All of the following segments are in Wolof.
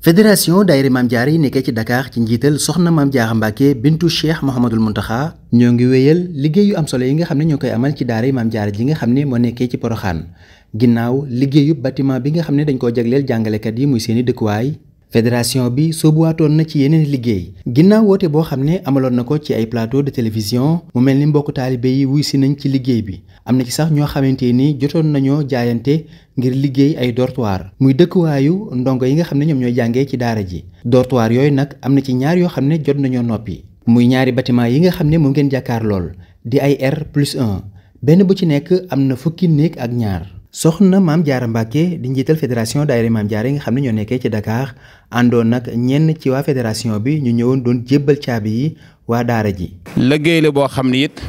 fédération daayira Maam Jaara yi nekkee ci dakaar ci njiital soxna Maam Jaara Mbàkke bintu Cheikh Mouhamadul Muntaxa ñoo ngi wéyal liggéey yu am solo yi nga xam ne ñoo koy amal ci daara Maam Jaara ji nga xam ne moo nekkee ci Poroxaan ginnaaw liggéeyu bâtiment bi nga xam ne dañ koo jagleel jàngalekat yi muy seeni dëkkuwaay fédération bi soobuwaatoon na ci yeneen liggéey ginnaaw woote boo xam ne amaloon na ko ci ay plateau de télévision mu mel ni mbokk taalibe yi wuy si nañ ci liggéey bi am na ci sax ñoo xamante ni jotoon nañoo jaayante ngir liggéey ay dortoir muy dëkkuwaayu ndongo yi nga xam ne ñoom ñooy jàngee ci daara ji dortoir yooyu nag am na ci ñaar yoo xam ne jot nañoo noppi muy ñaari bâtiment yi nga xam ne moom ngeen jàkkaar lool di ay R plus 1 benn bu ci nekk am na fukki néeg ak ñaar soxna maam jaara Mbacke di njiital fédération daayira maam jaara yi nga xam ne ñoo nekkee ci dakaar àndoon nag ñenn ci waa fédération bi ñu ñëwoon doon jébbal caabi yi waa daara ji. liggéey la boo xam ne it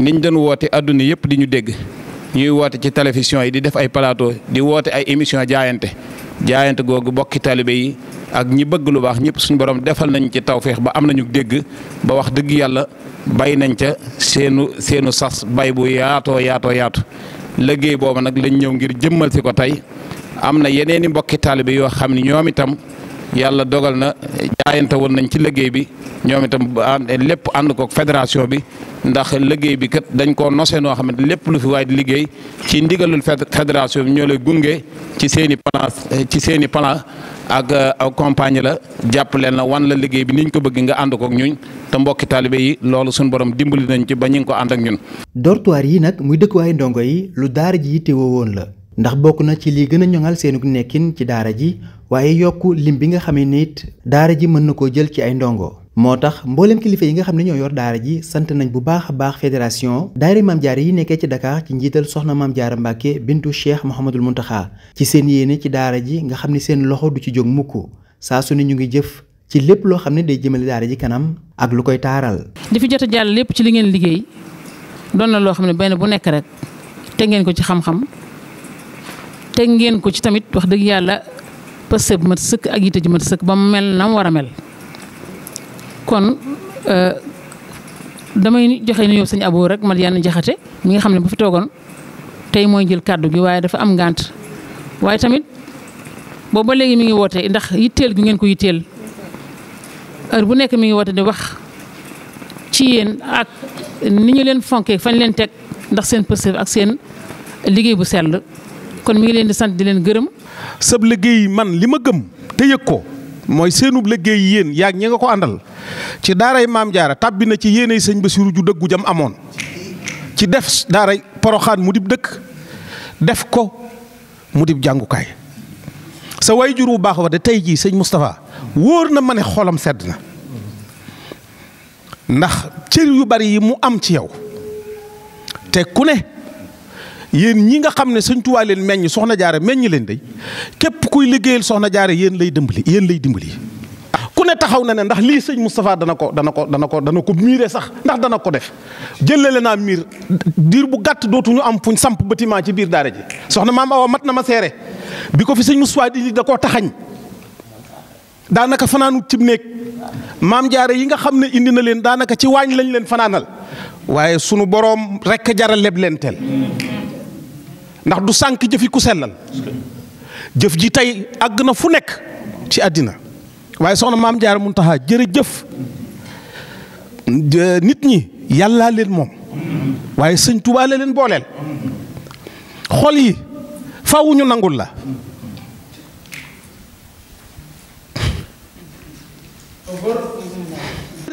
niñ doon woote adduna yëpp di ñu dégg ñuy woote ci télévision yi di def ay plateau di woote ay émission jaayante jaayante googu bokki taalibe yi ak ñi bëgg lu baax ñëpp suñu borom defal nañ ci tawféex ba am nañu dégg ba wax dëgg yàlla bay nañ ca seenu seenu sas bay bu yaatoo yaatoo yaatu. liggéey boobu nag lañ ñëw ngir jëmmal si ko tey am na yeneen i mbokki taalibe yoo xam ne ñoom itam yàlla dogal na jaayante woon nañ ci liggéey bi ñoom itam lépp ànd ko fédération bi ndax liggéey bi kat dañ ko nose noo xam ne lépp lu fi waay di liggéey ci ndigalul fédération bi ñoo lay gunge ci seeni i ci seen i plan ak euh, accompagne la jàpp leen la wan la liggéey bi ni ñu ko bëgg nga ànd ko ak ñuñ te mbokki taalibe yi loolu suñu borom dimbali nañ ci ba ñu ngi ko ànd ak ñun. dortoir yi nag muy dëkk dëkkuwaayu ndongo yi lu daara ji yittewoo woon la ndax bokk na ci lii gën a ñoŋal seenu nekkin ci daara ji waaye yokk lim bi nga xamee ne it daara ji mën na koo jël ci ay ndongo. moo tax mboolem kilifa yi nga xam ne ñoo yor daara ji sant nañ bu baax a baax fédération daayira maam jaara yi nekkee ci dakaar ci njiital soxna maam jaara Mbàkke bintu cheikh Mouhamadul Muntaxa ci seen yéene ci daara ji nga xam ni seen loxo du ci jóg mukk saa su ne ñu ngi jëf ci lépp loo xam ne day jëmale daara ji kanam ak lu koy taaral. di fi jot jàll lépp ci li ngeen liggéey doon na loo xam ne benn bu nekk rek te ngeen ko ci xam-xam teg ngeen ko ci tamit wax dëgg yàlla pësëb mat sëkk ak yite ji mat sëkk ba mu mel na mu war a mel. kon euh, damay joxe nuyoo sëñ Abo rek Mariane Jaxate mi nga xam ne bu fi toogoon tey mooy jël kàddu gi waaye dafa am ngant waaye tamit boobu ba léegi mi ngi woote ndax yitteel gi ngeen ko yitteel heure bu nekk mi ngi woote di wax ci yéen ak ni ñu leen fonkee fañ leen teg ndax seen pëstéef ak seen liggéey bu sell kon mu ngi leen di sant di leen gërëm. sab liggéey man li ma gëm te yëg ko. mooy seenub liggéey yéen yaag ñi nga ko àndal ci daaray maam jaara tàbbi na ci yéeney sëñ ba Basiru ju dëggu jam amoon ci def daaray poroxaan mu dib dëkk def ko mu dib jàngukaay sa way jur wu baax wa de tey jii sëñ Moustapha wóor na ma ne xolam sedd na ndax cër yu bari yi mu am ci yow te ku ne yéen ñi nga xam ne sëñ Tuubaa leen meññ soxna jaare meññ leen day képp kuy liggéeyal soxna jaare yéen lay dimbali yéen lay dimbali ku ne taxaw na ne ndax lii sëñ Moustapha dana ko dana ko dana ko dana ko miire sax ndax dana ko def jëlale naa miir diir bu gàtt dootuñu am fuñ samp bâtiment ci biir daara ji soxna maam Awa mat na ma seere bi ko fi sëñ Moustapha di da koo taxañ daanaka fanaanu cib néeg maam jaare yi nga xam ne indi na leen daanaka ci waañ lañ leen fanaanal waaye sunu boroom rekk jaral leb leen ndax du sànq jëfi ku sellal jëf ji tey àgg na fu nekk ci àddina waaye soxna maam taxaa Muntaxa jëf nit ñi yàllaa leen moom waaye sëñ Tuubaa la leen booleel xol yi faaw nangul la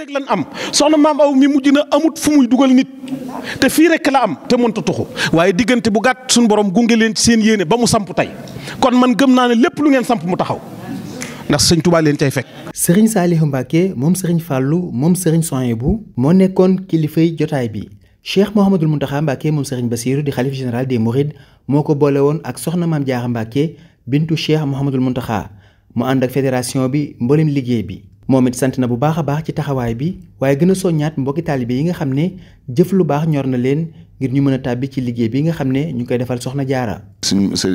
rek lan am soxna maam aw mi mujj na amut fu muy dugal nit te fii rek la am te mënta tuxu waaye diggante bu gàtt suñu borom gunge leen seen yéene ba mu samp tey kon man gëm naa ne lépp lu ngeen samp mu taxaw ndax sëñ Tuubaa leen cay fekk. sëriñ Saalihu Mbàkke moom sëriñ Fàllu moom sëriñ Sohaybu moo nekkoon kilifay jotaay bi Cheikh Mouhamadul Mountakha Mbàkke moom sëriñ Basiiru di xalif général des Mourides moo ko boole woon ak soxna maam Jaara Mbàkke bintu Cheikh Mouhamadul Mountakha mu ànd ak fédération bi mboolem liggéey bi. moom it sant na bu baax a baax ci taxawaay bi waaye gën a soññaat mbokki taalibe yi nga xam ne jëf lu baax ñor na leen ngir ñu mën a tàbbi ci liggéey bi nga xam ne ñu ngi koy defal soxna jaara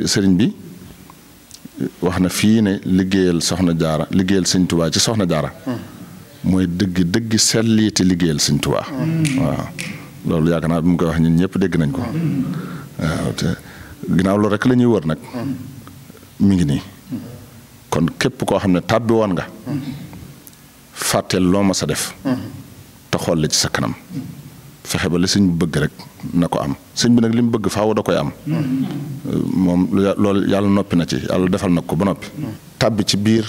sëriñ bi wax na fii ne liggéeyal soxna jaara liggéeyal sëñ ci soxna jaara mooy dëgg dëgg selliiti liggéeyal sëñ tubaa waaw loolu yaakaar naa bi mu koy wax ñun ñëpp dégg nañ ko waaw te ginnaaw loolu rek la wër nag mi ngi nii kon képp koo xam ne tàbbi woon nga fàtteel loo ma sa def te xool ci sa kanam fexe ba lu sëñ bi bëgg rek na ko am sëñ bi nag li mu bëgg faaw da koy am moom loolu yàlla noppi na ci yàlla defal nag ko ba noppi tàbbi ci biir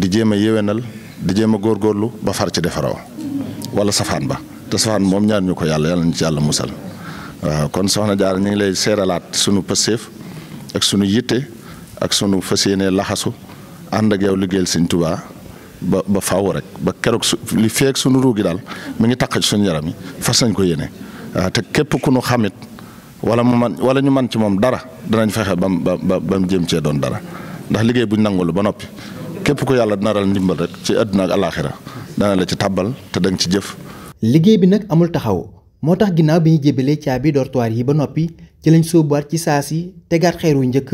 di jéem a yéwénal di jéem a góorlu ba far ci defaroo wala safaan ba te safaan moom ñaar ñu ko yàlla yàlla ñu ci yàlla musal waaw kon soxna jaar ñu ngi lay seeralaat suñu pëstéef ak sunu yitte ak sunu fas yéene laxasu ànd ak yow liggéeyal sëñ Tuubaa ba ba faaw rek ba keroog su li feeg suñu ruugi daal mu ngi taq ci suñu yaram yi fas nañ ko yeneen ah, te képp ku nu xamit wala mu man wala ñu man ci moom dara danañ fexe ba mu ba ba jëm cee doon dara ndax liggéey bu ñu nangalu ba noppi képp ku yàlla naral ndimbal rek ci àdduna ak alaaxira dana la ci tàbbal te danga ci jëf. liggéey bi nag amul taxaw moo tax ginnaaw bi ñu jébalee caabi dortoir yi ba noppi ci lañ sóobuwaat ci saa si tegaat xeer wu njëkk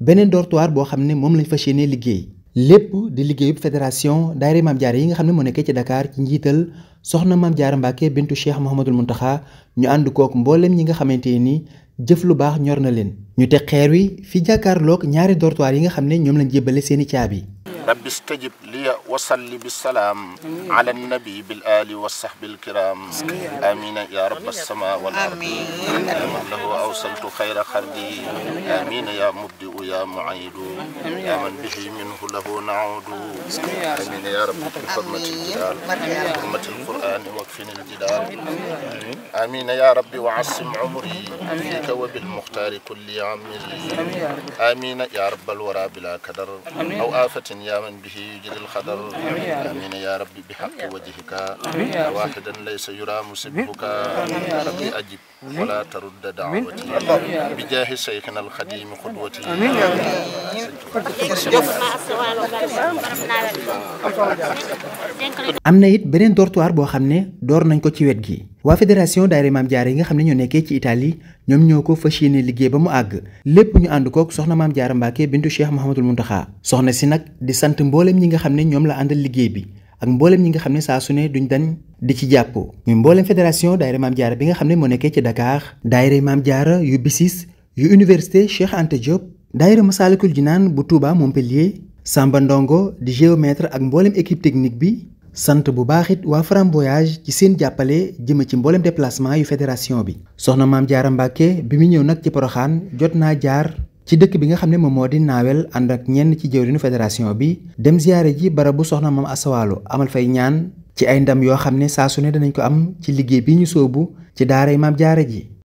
beneen dortoir boo xam ne moom lañ fas yéenee liggéey. lépp di liggéeyub fédération daayira Maam Jaara yi nga xam ne moo nekkee ci Dakar ci njiital soxna Maam Jaara Mbàkke bintu Cheikh Mouhamadul Mountakha ñu ànd kook mboolem ñi nga xamante ni jëf lu baax ñor na leen. ñu teg xeer wi fi jàkkaarloog ñaari dortoir yi nga xam ne ñoom lañ jébbale seeni caabi. rabbi stajib liya wasalli bisalaam ala nabi bil ali wa sahbi alkiram amina ya rabba sama wal ardi lima lahu awsaltu xayra xardi amina ya mubdi u ya muayidu ya man bihi minhu lahu naudu amina ya rabbi bi hurmati ljidal bi hurmati alqurani wakfini aljidal amina ya rabbi wa asim umri fika wa bilmuxtaari kulli amri amina ya rabba alwara bila kadar aw afatin ya قياما به جل القدر آمين يا ربي بحق وجهك واحدا ليس يرى مسبك ربي أجب ولا ترد دعوتي بجاه شيخنا الخديم قدوتي am na it beneen dortoir boo xam ne door nañ ko ci wet gi waa fédération daayira Maam Jaara yi nga xam ne ñoo nekkee ci Italie ñoom ñoo ko fas yéene liggéey ba mu àgg lépp ñu ànd kook soxna Maam Jaara Mbàkke bintu Cheikh Mouhamadul Muntaxa soxna si nag di sant mbooleem ñi nga xam ne ñoom la àndal liggéey bi ak mbooleem ñi nga xam ne saa su ne duñ dañ di ci jàppoo ñu mboolem fédération daayira Maam Jaara bi nga xam ne moo nekkee ci Dakar daayira Maam Jaara yu BICIS yu université Cheikh Anta Diop daayira Masaalikul Jinaan bu Touba Montpellier Samba Ndongo di géomètre ak mboolem équipe technique bi sant bu baax it waa Fram Voyage ci seen jàppale jëme ci mboolem déplacement yu fédération bi soxna maam Jaara Mbàkke bi mu ñëw nag ci Poroxaan jot naa jaar ci dëkk bi nga xam ne moom moo di naawel ànd ak ñenn ci jëwriñu fédération bi dem ziyaare ji barabu soxna maam asawaalo amal fay ñaan ci ay ndam yoo xam ne saa su ne danañ ko am ci liggéey bi ñu soobu ci daaray maam jaara ji